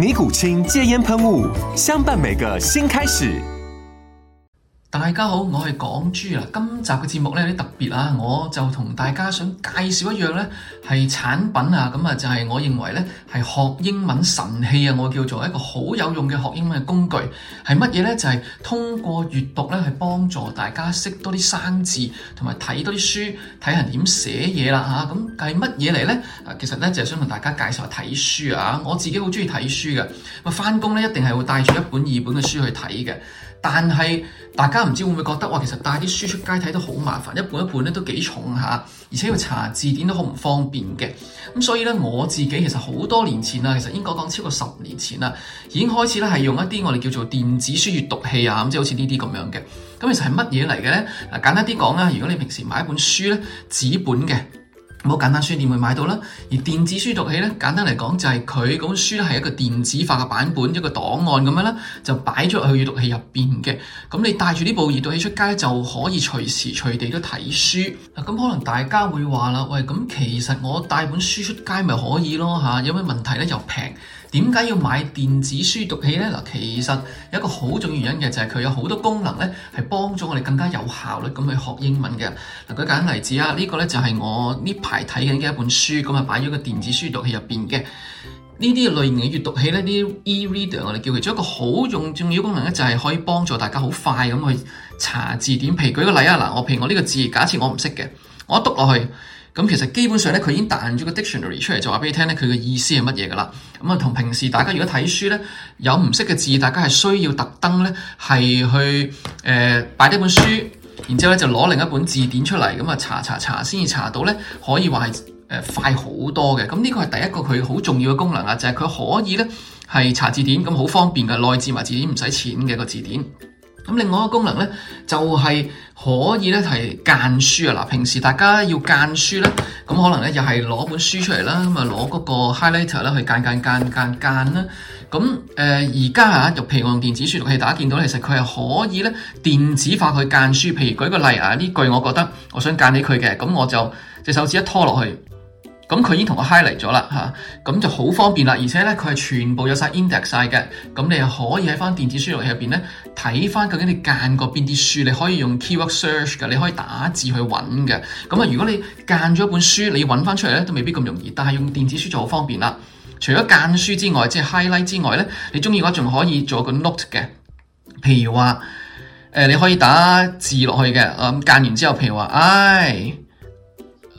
尼古清戒煙噴霧，相伴每個新開始。大家好，我係港豬啦。今集嘅節目咧有啲特別啊，我就同大家想介紹一樣咧，係產品啊。咁啊，就係我認為咧係學英文神器啊，我叫做一個好有用嘅學英文嘅工具，係乜嘢咧？就係通過閱讀咧，係幫助大家識多啲生字，同埋睇多啲書，睇下點寫嘢啦吓。咁係乜嘢嚟咧？啊，其實咧就係想同大家介紹下睇書啊。我自己好中意睇書嘅，咁翻工咧一定係會帶住一本二本嘅書去睇嘅。但係大家唔知會唔會覺得其實帶啲書出街睇都好麻煩，一本一本都幾重嚇，而且要查字典都好唔方便嘅。咁所以咧，我自己其實好多年前啦，其實應該講超過十年前啦，已經開始咧係用一啲我哋叫做電子書閱讀器啊，咁即好似呢啲咁樣嘅。咁其實係乜嘢嚟嘅呢？嗱，簡單啲講啦，如果你平時買一本書呢，紙本嘅。唔好簡單書店會買到啦，而電子書讀器呢，簡單嚟講就係佢嗰本書咧係一個電子化嘅版本，一個檔案咁樣呢，就擺咗去閱讀裏面的那器入邊嘅。咁你帶住呢部閱讀器出街就可以隨時隨地都睇書。嗱，可能大家會話啦，喂，咁其實我帶本書出街咪可以咯嚇？有咩問題呢？又平。點解要買電子書讀器呢？嗱，其實有一個好重要原因嘅，就係佢有好多功能呢係幫助我哋更加有效率咁去學英文嘅。嗱，舉簡單例子啊，呢個呢就係我呢排睇緊嘅一本書，咁啊擺咗個電子書讀器入邊嘅。呢啲類型嘅閱讀器呢，啲 e-reader 我哋叫佢，仲有一個好重重要功能呢就係可以幫助大家好快咁去查字典。譬如舉個例啊，嗱，我譬如我呢個字，假設我唔識嘅，我讀落去。咁其實基本上咧，佢已經彈咗個 dictionary 出嚟，就話俾你聽咧，佢嘅意思係乜嘢噶啦。咁、嗯、啊，同平時大家如果睇書咧，有唔識嘅字，大家係需要特登咧，係去誒擺低本書，然之後咧就攞另一本字典出嚟，咁啊查查查先至查，查到咧，可以話係誒快好多嘅。咁、嗯、呢、呢個係第一個佢好重要嘅功能啊，就係、是、佢可以咧係查字典，咁好方便嘅內置埋字典唔使錢嘅個字典。咁另外一個功能呢，就係、是、可以呢，係間書啊！嗱，平時大家要間書呢，咁可能呢，又係攞本書出嚟啦，咁啊攞嗰個 highlighter 啦去間間間間間啦。咁誒而家啊，就譬、呃、如我用電子書讀，大家見到其實佢係可以呢，電子化去間書。譬如舉個例啊，呢句我覺得我想間起佢嘅，咁我就隻手指一拖落去。咁佢已經同我 highlight 咗啦，嚇、啊，咁就好方便啦。而且咧，佢係全部有晒 index 曬嘅，咁、啊、你又可以喺翻電子書籤入邊咧睇翻究竟你間過邊啲書，你可以用 keyword search 㗎，你可以打字去揾嘅。咁啊，如果你間咗一本書，你揾翻出嚟咧都未必咁容易，但係用電子書就好方便啦。除咗間書之外，即係 highlight 之外咧，你中意嘅話仲可以做個 note 嘅。譬如話，誒、呃、你可以打字落去嘅，啊咁間完之後，譬如話，唉。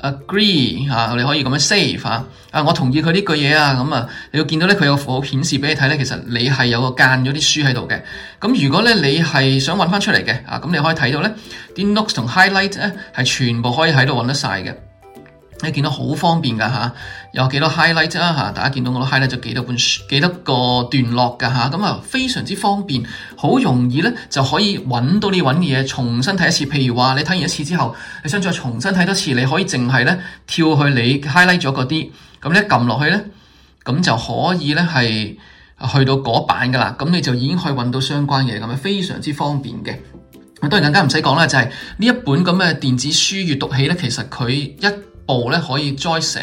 Agree 嚇、啊，你可以咁樣 save 嚇。啊，我同意佢呢句嘢啊，咁啊，你要見到呢，佢有個符號顯示俾你睇呢。其實你係有個間咗啲書喺度嘅。咁、啊、如果呢，你係想揾翻出嚟嘅，啊，咁、啊、你可以睇到咧，啲 notes 同 highlight 呢，係全部可以喺度揾得曬嘅。你見到好方便噶嚇、啊，有幾多 highlight 啊嚇？大家見到我 highlight 咗幾多本書、幾多個段落噶嚇？咁啊，非常之方便，好容易咧就可以揾到你揾嘅嘢，重新睇一次。譬如話你睇完一次之後，你想再重新睇多次，你可以淨係咧跳去你 highlight 咗嗰啲，咁咧撳落去咧，咁就可以咧係去到嗰版噶啦。咁你就已經可以揾到相關嘅嘢，咁啊非常之方便嘅。我、啊、當然更加唔使講啦，就係、是、呢一本咁嘅電子書閱讀器咧，其實佢一部咧可以載成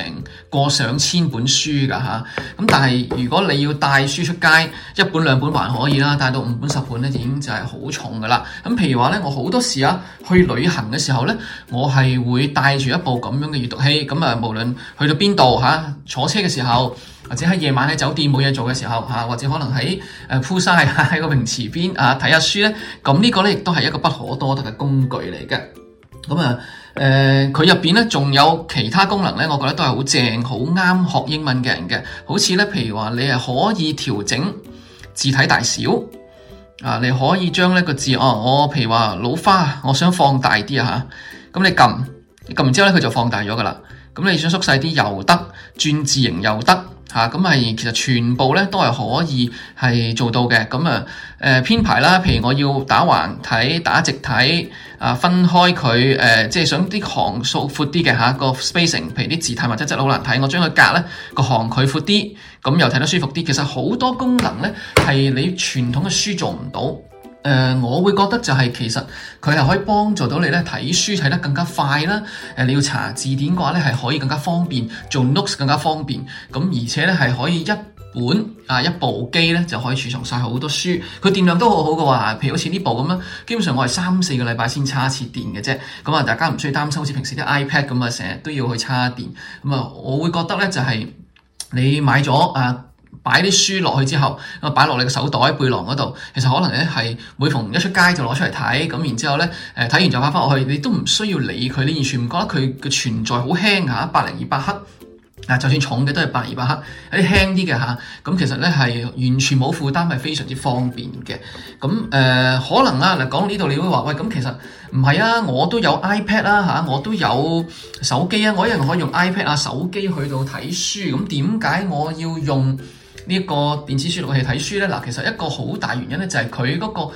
個上千本書噶吓，咁但係如果你要帶書出街，一本兩本還可以啦，帶到五本十本咧已經就係好重噶啦。咁譬如話咧，我好多時啊去旅行嘅時候咧，我係會帶住一部咁樣嘅閲讀器，咁啊無論去到邊度吓坐車嘅時候，或者喺夜晚喺酒店冇嘢做嘅時候吓，或者可能喺誒鋪晒喺個泳池邊啊睇下書咧，咁呢個咧亦都係一個不可多得嘅工具嚟嘅，咁啊。誒，佢入、呃、面咧仲有其他功能呢，我覺得都係好正，好啱學英文嘅人嘅。好似呢，譬如話你係可以調整字體大小啊，你可以將呢一個字、啊、哦，我譬如話老花，我想放大啲嚇，咁、啊、你撳撳完之後呢，佢就放大咗㗎喇。咁你想縮細啲又得，轉字型又得。嚇，咁係、啊、其實全部咧都係可以係做到嘅。咁啊，誒、呃、編排啦，譬如我要打橫睇、打直睇，啊、呃、分開佢誒、呃，即係想啲行數闊啲嘅嚇，個 spacing，譬如啲字體或者質好難睇，我將個格、咧個行佢闊啲，咁又睇得舒服啲。其實好多功能咧係你傳統嘅書做唔到。誒、呃，我會覺得就係、是、其實佢係可以幫助到你呢睇書睇得更加快啦。誒、呃，你要查字典嘅話呢係可以更加方便，做 Notes 更加方便。咁而且呢，係可以一本啊一部機呢就可以儲藏晒好多書，佢電量都好好嘅話，譬如好似呢部咁啦，基本上我係三四個禮拜先插一次電嘅啫。咁啊，大家唔需要擔心好似平時啲 iPad 咁啊，成日都要去插電。咁啊，我會覺得呢就係、是、你買咗啊。擺啲書落去之後，咁啊擺落你個手袋、背囊嗰度，其實可能咧係每逢一出街就攞出嚟睇，咁然之後咧誒睇完就擺翻落去，你都唔需要理佢，你完全唔覺得佢嘅存在，好輕啊，百零二百克，嗱就算重嘅都係百二百克，有啲輕啲嘅嚇，咁、嗯、其實咧係完全冇負擔，係非常之方便嘅。咁、嗯、誒、呃、可能啊，嗱講到呢度你都會話，喂咁、嗯、其實唔係啊，我都有 iPad 啦、啊、嚇，我都有手機啊，我一樣可以用 iPad 啊手機去到睇書，咁點解我要用？呢一個電子書讀器睇書呢，嗱，其實一個好大原因呢，就係佢嗰個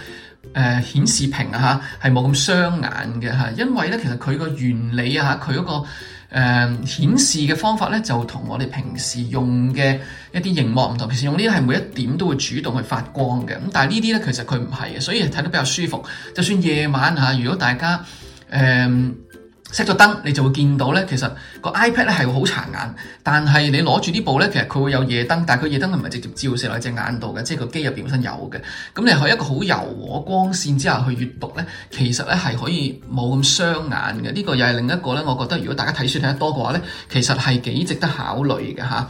誒顯示屏啊，嚇係冇咁傷眼嘅嚇。因為呢，其實佢個原理啊，嚇佢嗰個誒顯示嘅方法呢，就同我哋平時用嘅一啲熒幕唔同。平時用呢啲係每一點都會主動去發光嘅，咁但係呢啲呢，其實佢唔係啊，所以睇得比較舒服。就算夜晚嚇，如果大家誒。呃熄咗燈，你就會見到咧。其實個 iPad 咧係會好殘眼，但係你攞住呢部咧，其實佢會有夜燈，但係佢夜燈係唔係直接照射落隻眼度嘅？即係個機入邊本身有嘅。咁你喺一個好柔和光線之下去閱讀咧，其實咧係可以冇咁傷眼嘅。呢個又係另一個咧，我覺得如果大家睇書睇得多嘅話咧，其實係幾值得考慮嘅吓。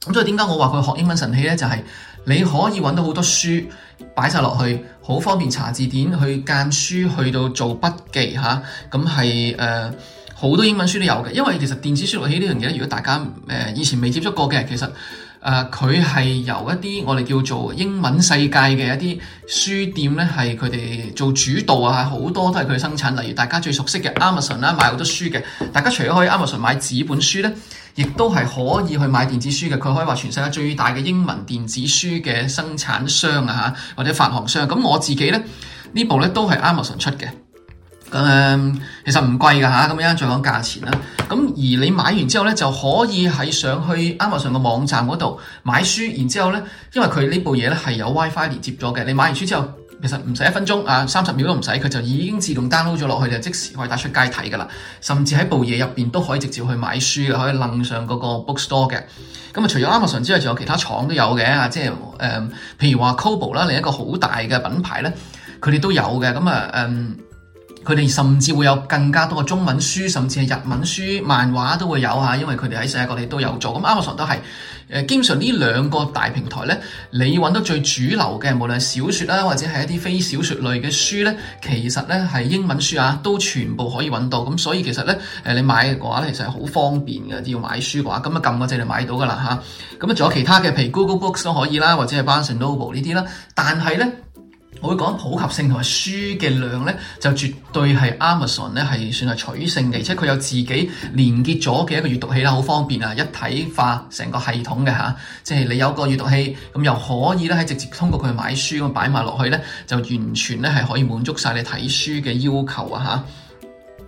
咁所以點解我話佢學英文神器咧，就係。你可以揾到好多書擺晒落去，好方便查字典，去間書，去到做筆記嚇。咁係誒，好多英文書都有嘅，因為其實電子書閱讀器呢樣嘢如果大家誒、呃、以前未接觸過嘅，其實誒佢係由一啲我哋叫做英文世界嘅一啲書店咧，係佢哋做主導啊，好多都係佢生產。例如大家最熟悉嘅 Amazon 啦，買好多書嘅。大家除咗可以 Amazon 買紙本書咧。亦都係可以去買電子書嘅，佢可以話全世界最大嘅英文電子書嘅生產商啊嚇，或者發行商。咁我自己咧呢部咧都係 Amazon 出嘅。誒、呃，其實唔貴㗎吓，啊，咁樣再講價錢啦。咁而你買完之後咧就可以喺上去 Amazon 嘅網站嗰度買書，然之後咧因為佢呢部嘢咧係有 WiFi 連接咗嘅，你買完書之後，其實唔使一分鐘啊，三十秒都唔使，佢就已經自動 download 咗落去，就即時可以帶出街睇㗎喇。甚至喺部嘢入邊都可以直接去買書，可以楞上嗰個 bookstore 嘅。咁、嗯、啊，除咗 Amazon 之外，仲有其他廠都有嘅啊，即係誒、呃，譬如話 Kobo 啦，另一個好大嘅品牌咧，佢哋都有嘅。咁啊，嗯。佢哋甚至會有更加多嘅中文書，甚至係日文書、漫畫都會有嚇，因為佢哋喺世界各地都有做。咁 Amazon 都係，誒，基本上呢兩個大平台咧，你揾到最主流嘅，無論係小説啦，或者係一啲非小説類嘅書咧，其實咧係英文書啊，都全部可以揾到。咁所以其實咧，誒，你買嘅話咧，其實係好方便嘅，只要買書嘅話，咁啊撳嗰掣就買到噶啦吓，咁啊，仲有其他嘅譬如 Google Books 都可以啦，或者係 Barnes & Noble 呢啲啦，但係咧。我會講普及性同埋書嘅量呢，就絕對係 Amazon 呢係算係取勝嘅，而且佢有自己連結咗嘅一個閲讀器啦，好方便啊，一體化成個系統嘅嚇、啊。即係你有個閲讀器，咁又可以呢係直接通過佢買書咁擺埋落去呢就完全呢係可以滿足曬你睇書嘅要求啊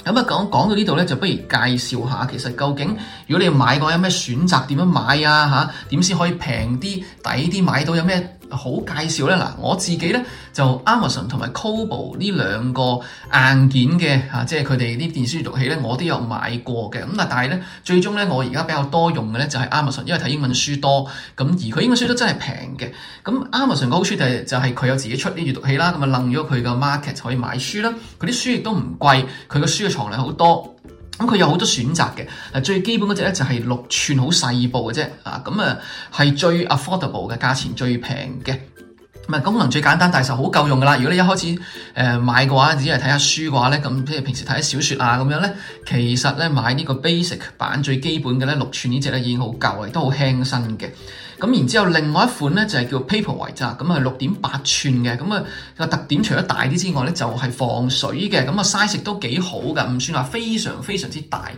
嚇。咁啊講講到呢度呢，就不如介紹下其實究竟如果你要買嘅有咩選擇，點樣買啊吓，點、啊、先可以平啲抵啲買到有咩？好介紹，咧嗱，我自己咧就 Amazon 同埋 Kobo 呢兩個硬件嘅嚇、啊，即係佢哋啲電子書閱讀器咧，我都有買過嘅，咁，但係咧最終咧我而家比較多用嘅咧就係 Amazon，因為睇英文書多咁，而佢英文書都真係平嘅。咁 Amazon 嘅好處就係、是、就係、是、佢有自己出啲閲讀器啦，咁啊楞咗佢個 market 就可以買書啦，佢啲書亦都唔貴，佢個書嘅藏量好多。咁佢有好多選擇嘅。嗱，最基本嗰隻咧就係六寸好細部嘅啫，啊咁啊係最 affordable 嘅，價錢最平嘅，咁、啊、係功能最簡單，但係就好夠用噶啦。如果你一開始誒、呃、買嘅話，只係睇下書嘅話咧，咁譬如平時睇啲小説啊咁樣咧，其實咧買呢個 basic 版最基本嘅咧六寸呢隻咧已經好夠，亦都好輕身嘅。咁然之後，另外一款呢，就係叫 Paperwhite 咁啊六點八寸嘅，咁啊個特點除咗大啲之外呢，就係防水嘅，咁啊 size 都幾好嘅，唔算話非常非常之大，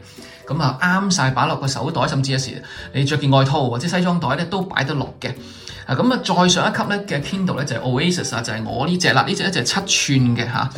咁啊啱晒擺落個手袋，甚至有時你着件外套或者西裝袋呢，都擺得落嘅，啊咁啊再上一級呢嘅 Kindle 呢，就係 Oasis 啊，就係我呢隻啦，呢隻呢就係七寸嘅嚇。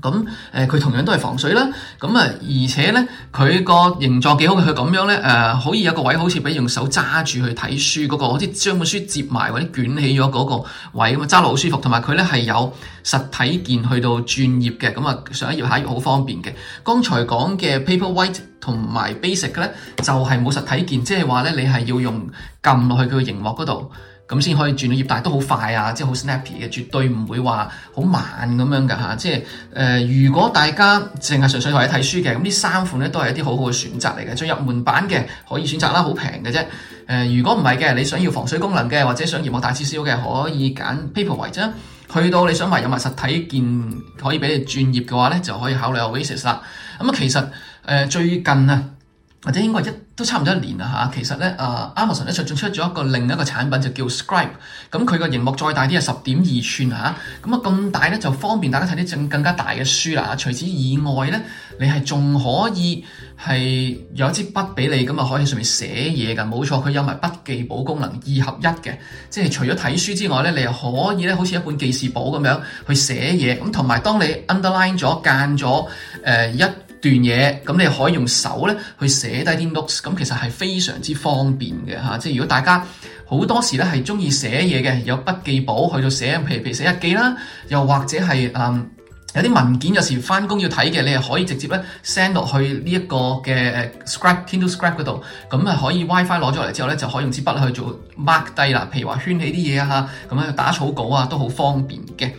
咁誒佢同樣都係防水啦，咁啊而且咧佢個形狀幾好，佢咁樣咧誒可以有個位好似俾用手揸住去睇書嗰、那個，好似將本書折埋或者捲起咗嗰個位咁，啊揸落好舒服，同埋佢咧係有實體鍵去到轉頁嘅，咁、嗯、啊上一頁下一頁好方便嘅。剛才講嘅 Paperwhite 同埋 Basic 咧就係、是、冇實體鍵，即係話咧你係要用撳落去佢嘅熒幕嗰度。咁先可以轉到頁，但係都好快啊，即係好 snappy 嘅，絕對唔會話好慢咁樣噶吓，即係誒、呃，如果大家淨係純粹為咗睇書嘅，咁呢三款咧都係一啲好好嘅選擇嚟嘅。最入門版嘅可以選擇啦，好平嘅啫。誒、呃，如果唔係嘅，你想要防水功能嘅，或者想要望大啲少嘅，可以揀 Paperwhite。去到你想維有物實體掣可以俾你轉頁嘅話咧，就可以考慮下 Oasis 啦。咁、嗯、啊，其實誒、呃、最近啊～或者應該一都差唔多一年啦嚇，其實呢誒、啊、Amazon 最近出咗一個另一個產品就叫 Scribe，咁、嗯、佢個熒幕再大啲係十點二吋嚇，咁啊咁大呢，就方便大家睇啲更加大嘅書啦。除此以外呢，你係仲可以係有一支筆俾你，咁、嗯、啊可以喺上面寫嘢㗎，冇錯，佢有埋筆記簿功能二合一嘅，即係除咗睇書之外呢，你又可以好似一本記事簿咁樣去寫嘢。咁同埋當你 underline 咗間咗、呃、一段嘢咁，你可以用手咧去寫低啲 notes，咁其實係非常之方便嘅嚇、啊。即係如果大家好多時咧係中意寫嘢嘅，有筆記簿去到寫，譬如寫日記啦，又或者係誒、嗯、有啲文件有時返工要睇嘅，你係可以直接咧 send 落去呢一個嘅 Scrap Kindle Scrap 嗰度，咁啊可以 WiFi 攞咗嚟之後咧就可以用支筆去做 mark 低啦。譬如話圈起啲嘢啊嚇，咁樣打草稿啊都好方便嘅。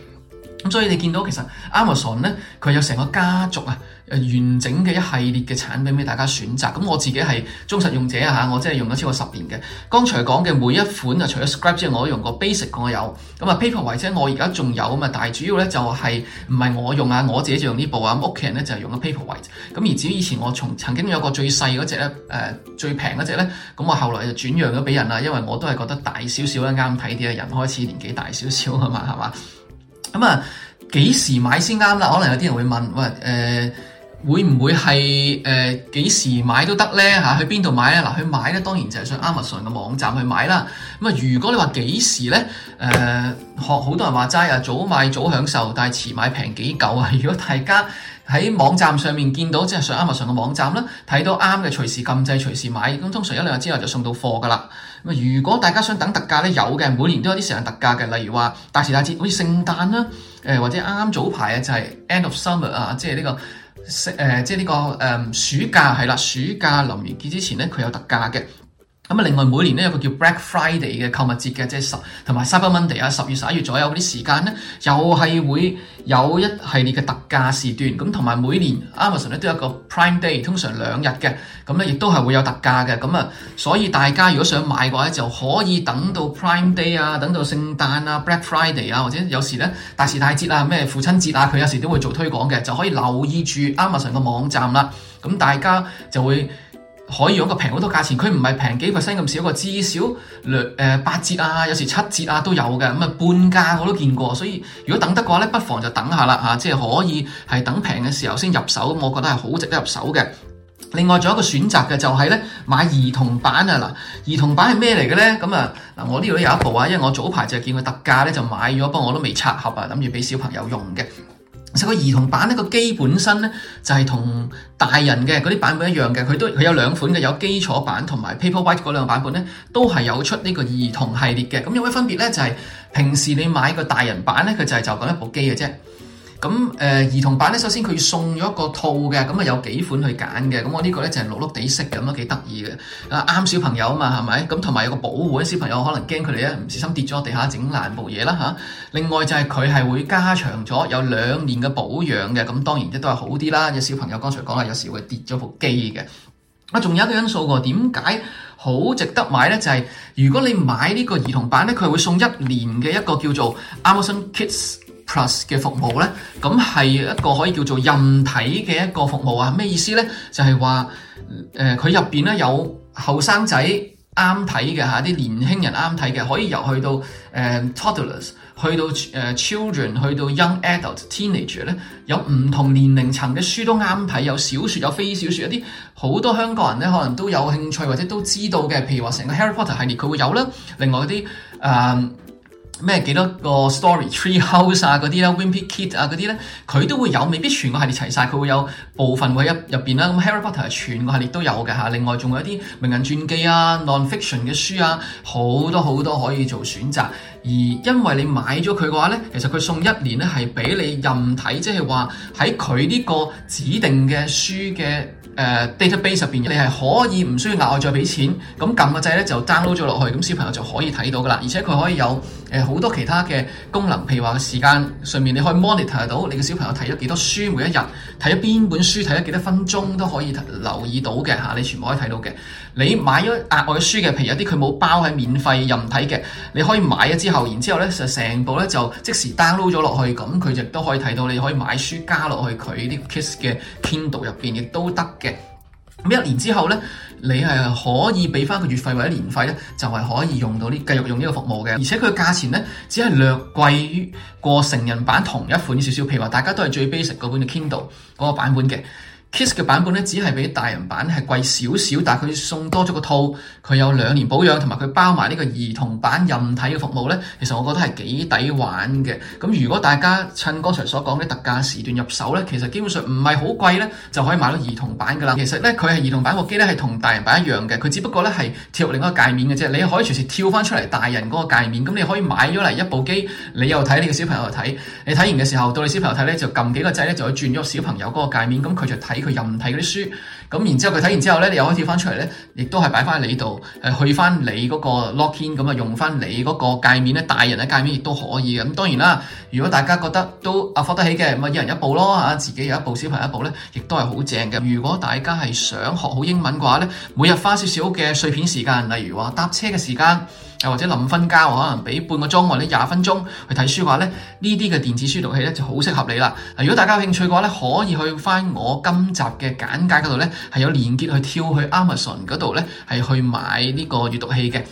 咁所以你見到其實 Amazon 咧，佢有成個家族啊，誒完整嘅一系列嘅產品俾大家選擇。咁我自己係忠實用者啊嚇，我真係用咗超過十年嘅。剛才講嘅每一款啊，除咗 Scribe 之外，我都用過 Basic，我有咁啊 Paperwhite，我而家仲有啊嘛。但係主要咧就係唔係我用啊，我自己就用呢部啊。屋企人咧就係用咗 Paperwhite。咁而至於以前我從曾經有個最細嗰隻咧，誒、呃、最平嗰隻咧，咁我後來就轉讓咗俾人啦，因為我都係覺得大少少咧啱睇啲啊，人開始年紀大少少啊嘛，係嘛？咁啊，幾、嗯、時買先啱啦？可能有啲人會問，喂，誒，會唔會係誒幾時買都得咧？嚇、啊，去邊度買啊？嗱，去買咧，當然就係上 Amazon 嘅網站去買啦。咁、嗯、啊，如果你話幾時咧，誒、呃，學好多人話齋啊，早買早享受，但係遲買平幾嚿啊！如果大家，喺網站上面見到，即係上 Amazon 嘅網站啦，睇到啱嘅隨時撳掣，隨時買。咁通常一兩日之後就送到貨㗎喇。如果大家想等特價咧，有嘅每年都有一啲時間特價嘅，例如話大時大節，好似聖誕啦，或者啱啱早排啊，就係 end of summer 啊、呢個，即係呢、呢個、嗯、暑假係啦，暑假臨完結之前咧，佢有特價嘅。咁另外每年咧有個叫 Black Friday 嘅購物節嘅，即係十同埋 Cyber Monday 啊，十月十一月左右嗰啲時間咧，又係會有一系列嘅特價時段。咁同埋每年 Amazon 咧都有一個 Prime Day，通常兩日嘅，咁咧亦都係會有特價嘅。咁啊，所以大家如果想買嘅話咧，就可以等到 Prime Day 啊，等到聖誕啊，Black Friday 啊，或者有時咧大時大節啊，咩父親節啊，佢有時都會做推廣嘅，就可以留意住 Amazon 嘅網站啦。咁大家就會。可以用個平好多價錢，佢唔係平幾 percent 咁少，個至少兩、呃、八折啊，有時七折啊都有嘅，咁啊半價我都見過。所以如果等得嘅話咧，不妨就等下啦嚇、啊，即係可以係等平嘅時候先入手，我覺得係好值得入手嘅。另外仲有一個選擇嘅就係咧買兒童版啊嗱，兒童版係咩嚟嘅咧？咁啊嗱，我呢度都有一部啊，因為我早排就見佢特價咧就買咗，不過我都未拆盒啊，諗住俾小朋友用嘅。其實個兒童版呢個機本身呢，就係同大人嘅嗰啲版本一樣嘅，佢都佢有兩款嘅，有基礎版同埋 Paperwhite 嗰兩個版本呢，都係有出呢個兒童系列嘅，咁有咩分別呢？就係平時你買個大人版呢，佢就係就咁一部機嘅啫。咁誒、呃、兒童版咧，首先佢送咗一個套嘅。咁、嗯、啊有幾款去揀嘅，咁、嗯、我個呢個咧就係綠綠地色咁咯，幾得意嘅，啊啱小朋友啊嘛，係咪？咁同埋有個保護，啲小朋友可能驚佢哋咧唔小心跌咗地下整爛部嘢啦嚇。另外就係佢係會加長咗有兩年嘅保養嘅，咁、嗯、當然即都係好啲啦。有小朋友剛才講啦，有時會跌咗部機嘅。啊，仲有一個因素喎，點解好值得買咧？就係、是、如果你買呢個兒童版咧，佢會送一年嘅一個叫做 Amazon Kids。Plus 嘅服務呢，咁係一個可以叫做任睇嘅一個服務啊！咩意思呢？就係話誒，佢入邊呢，面有後生仔啱睇嘅吓，啲年輕人啱睇嘅，可以由去到 toddlers、呃、去到誒、呃、children，去到 young adult、teenager 呢，有唔同年齡層嘅書都啱睇，有小說，有非小說，一啲好多香港人呢，可能都有興趣或者都知道嘅，譬如話成個 Harry Potter 系列佢會有啦，另外一啲誒。呃咩幾多個 Story Treehouse 啊嗰啲啦 Wimpy Kid 啊嗰啲咧，佢都會有，未必全個系列齊晒。佢會有部分喎入入邊啦。咁 Harry Potter 係全個系列都有嘅嚇，另外仲有啲名人傳記啊、non-fiction 嘅書啊，好多好多可以做選擇。而因為你買咗佢嘅話咧，其實佢送一年咧係俾你任睇，即係話喺佢呢個指定嘅書嘅。誒、uh, database 入邊，你係可以唔需要額外再俾錢，咁撳個掣咧就 download 咗落去，咁小朋友就可以睇到噶啦。而且佢可以有誒好多其他嘅功能，譬如話時間上面你可以 monitor 到你嘅小朋友睇咗幾多書，每一日睇咗邊本書，睇咗幾多分鐘都可以留意到嘅嚇，你全部可以睇到嘅。你買咗額外嘅書嘅，譬如有啲佢冇包喺免費任睇嘅，你可以買咗之後，然之後咧就成部咧就即時 download 咗落去，咁佢亦都可以睇到，你可以買書加落去佢啲 kids 嘅 Kindle 入邊亦都得嘅。咁一年之後呢，你係可以畀翻個月費或者年費呢，就係可以用到呢繼續用呢個服務嘅，而且佢價錢呢，只係略貴於過成人版同一款少少，譬如話大家都係最 basic 嗰本嘅 Kindle 嗰個版本嘅。Kiss 嘅版本咧，只係比大人版係貴少少，但係佢送多咗個套，佢有兩年保養同埋佢包埋呢個兒童版任睇嘅服務咧。其實我覺得係幾抵玩嘅。咁如果大家趁剛才所講嘅特價時段入手咧，其實基本上唔係好貴咧，就可以買到兒童版噶啦。其實咧，佢係兒童版部機咧係同大人版一樣嘅，佢只不過咧係跳另一個界面嘅啫。你可以隨時跳翻出嚟大人嗰個界面。咁你可以買咗嚟一部機，你又睇你嘅小朋友又睇。你睇完嘅時候，到你小朋友睇咧，就撳幾個掣咧，就轉咗小朋友嗰個界面，咁佢就睇。佢任睇嗰啲書，咁然之後佢睇完之後呢，你又開始翻出嚟呢，亦都係擺翻喺你度，係去翻你嗰個 login，咁啊用翻你嗰個界面呢，大人嘅界面亦都可以嘅。咁當然啦，如果大家覺得都 afford 得起嘅，咪一人一部咯嚇，自己有一部、小朋友一部呢，亦都係好正嘅。如果大家係想學好英文嘅話呢，每日花少少嘅碎片時間，例如話搭車嘅時間。又或者臨瞓覺，可能畀半個鐘或者廿分鐘去睇書嘅話咧，呢啲嘅電子書讀器咧就好適合你啦。嗱，如果大家有興趣嘅話咧，可以去翻我今集嘅簡介嗰度咧，係有連結去跳去 Amazon 嗰度咧，係去買呢個閱讀器嘅。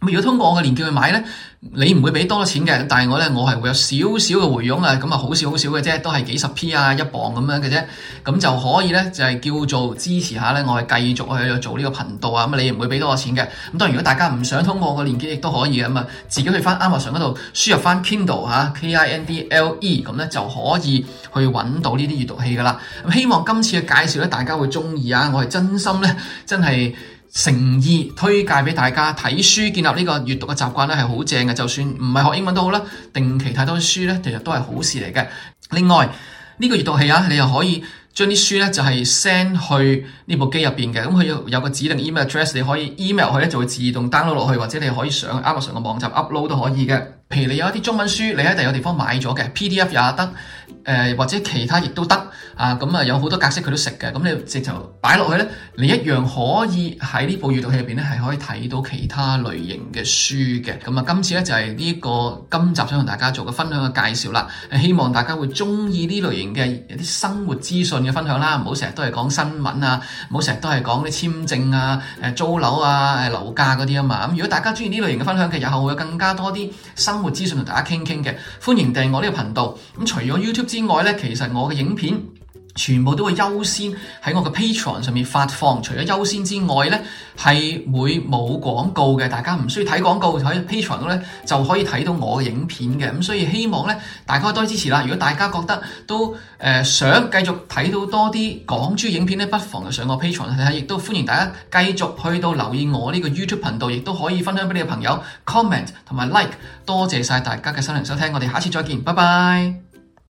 如果通過我嘅連結去買呢，你唔會俾多錢嘅。但係我呢，我係會有少少嘅回佣啊。咁啊，好少好少嘅啫，都係幾十 P 啊一磅咁樣嘅啫。咁就可以呢，就係、是、叫做支持下呢。我係繼續去做呢個頻道啊。咁你唔會俾多錢嘅。咁當然，如果大家唔想通過我嘅連結，亦都可以嘅。咁啊，自己去返 Amazon 嗰度輸入翻 Kindle 吓 k, le, K I N D L E，咁呢，就可以去揾到呢啲閲讀器噶啦。咁希望今次嘅介紹呢，大家會中意啊！我係真心呢，真係。誠意推介俾大家睇書，建立呢個閱讀嘅習慣咧，係好正嘅。就算唔係學英文都好啦，定期睇多啲書呢，其實都係好事嚟嘅。另外，呢個閲讀器啊，你又可以，將啲書咧就係 send 去呢部機入邊嘅。咁佢有有個指定 email address，你可以 email 佢咧，就會自動 download 落去，或者你可以上 Amazon 嘅網站 upload 都可以嘅。譬如你有一啲中文書，你喺第個地方買咗嘅 PDF 也得，誒、呃、或者其他亦都得啊。咁、嗯、啊有好多格式佢都食嘅，咁、嗯、你直頭擺落去咧，你一樣可以喺呢部閱讀器入邊咧係可以睇到其他類型嘅書嘅。咁、嗯、啊今次咧就係、是、呢、這個今集想同大家做嘅分享嘅介紹啦，希望大家會中意呢類型嘅一啲生活資訊。分享啦，唔好成日都係講新聞啊，唔好成日都係講啲簽證啊、誒租樓啊、誒樓價嗰啲啊嘛。咁如果大家中意呢類型嘅分享，嘅日後會有更加多啲生活資訊同大家傾傾嘅，歡迎訂閱我呢個頻道。咁除咗 YouTube 之外咧，其實我嘅影片。全部都會優先喺我嘅 Patreon 上面發放，除咗優先之外呢係會冇廣告嘅，大家唔需要睇廣告喺 Patreon 度呢就可以睇到我嘅影片嘅，咁所以希望呢，大家多支持啦。如果大家覺得都誒、呃、想繼續睇到多啲港豬影片呢，不妨就上我 Patreon 睇下，亦都歡迎大家繼續去到留意我呢個 YouTube 頻道，亦都可以分享俾你嘅朋友 comment 同埋 like，多謝晒大家嘅新聽收聽，我哋下次再見，拜拜。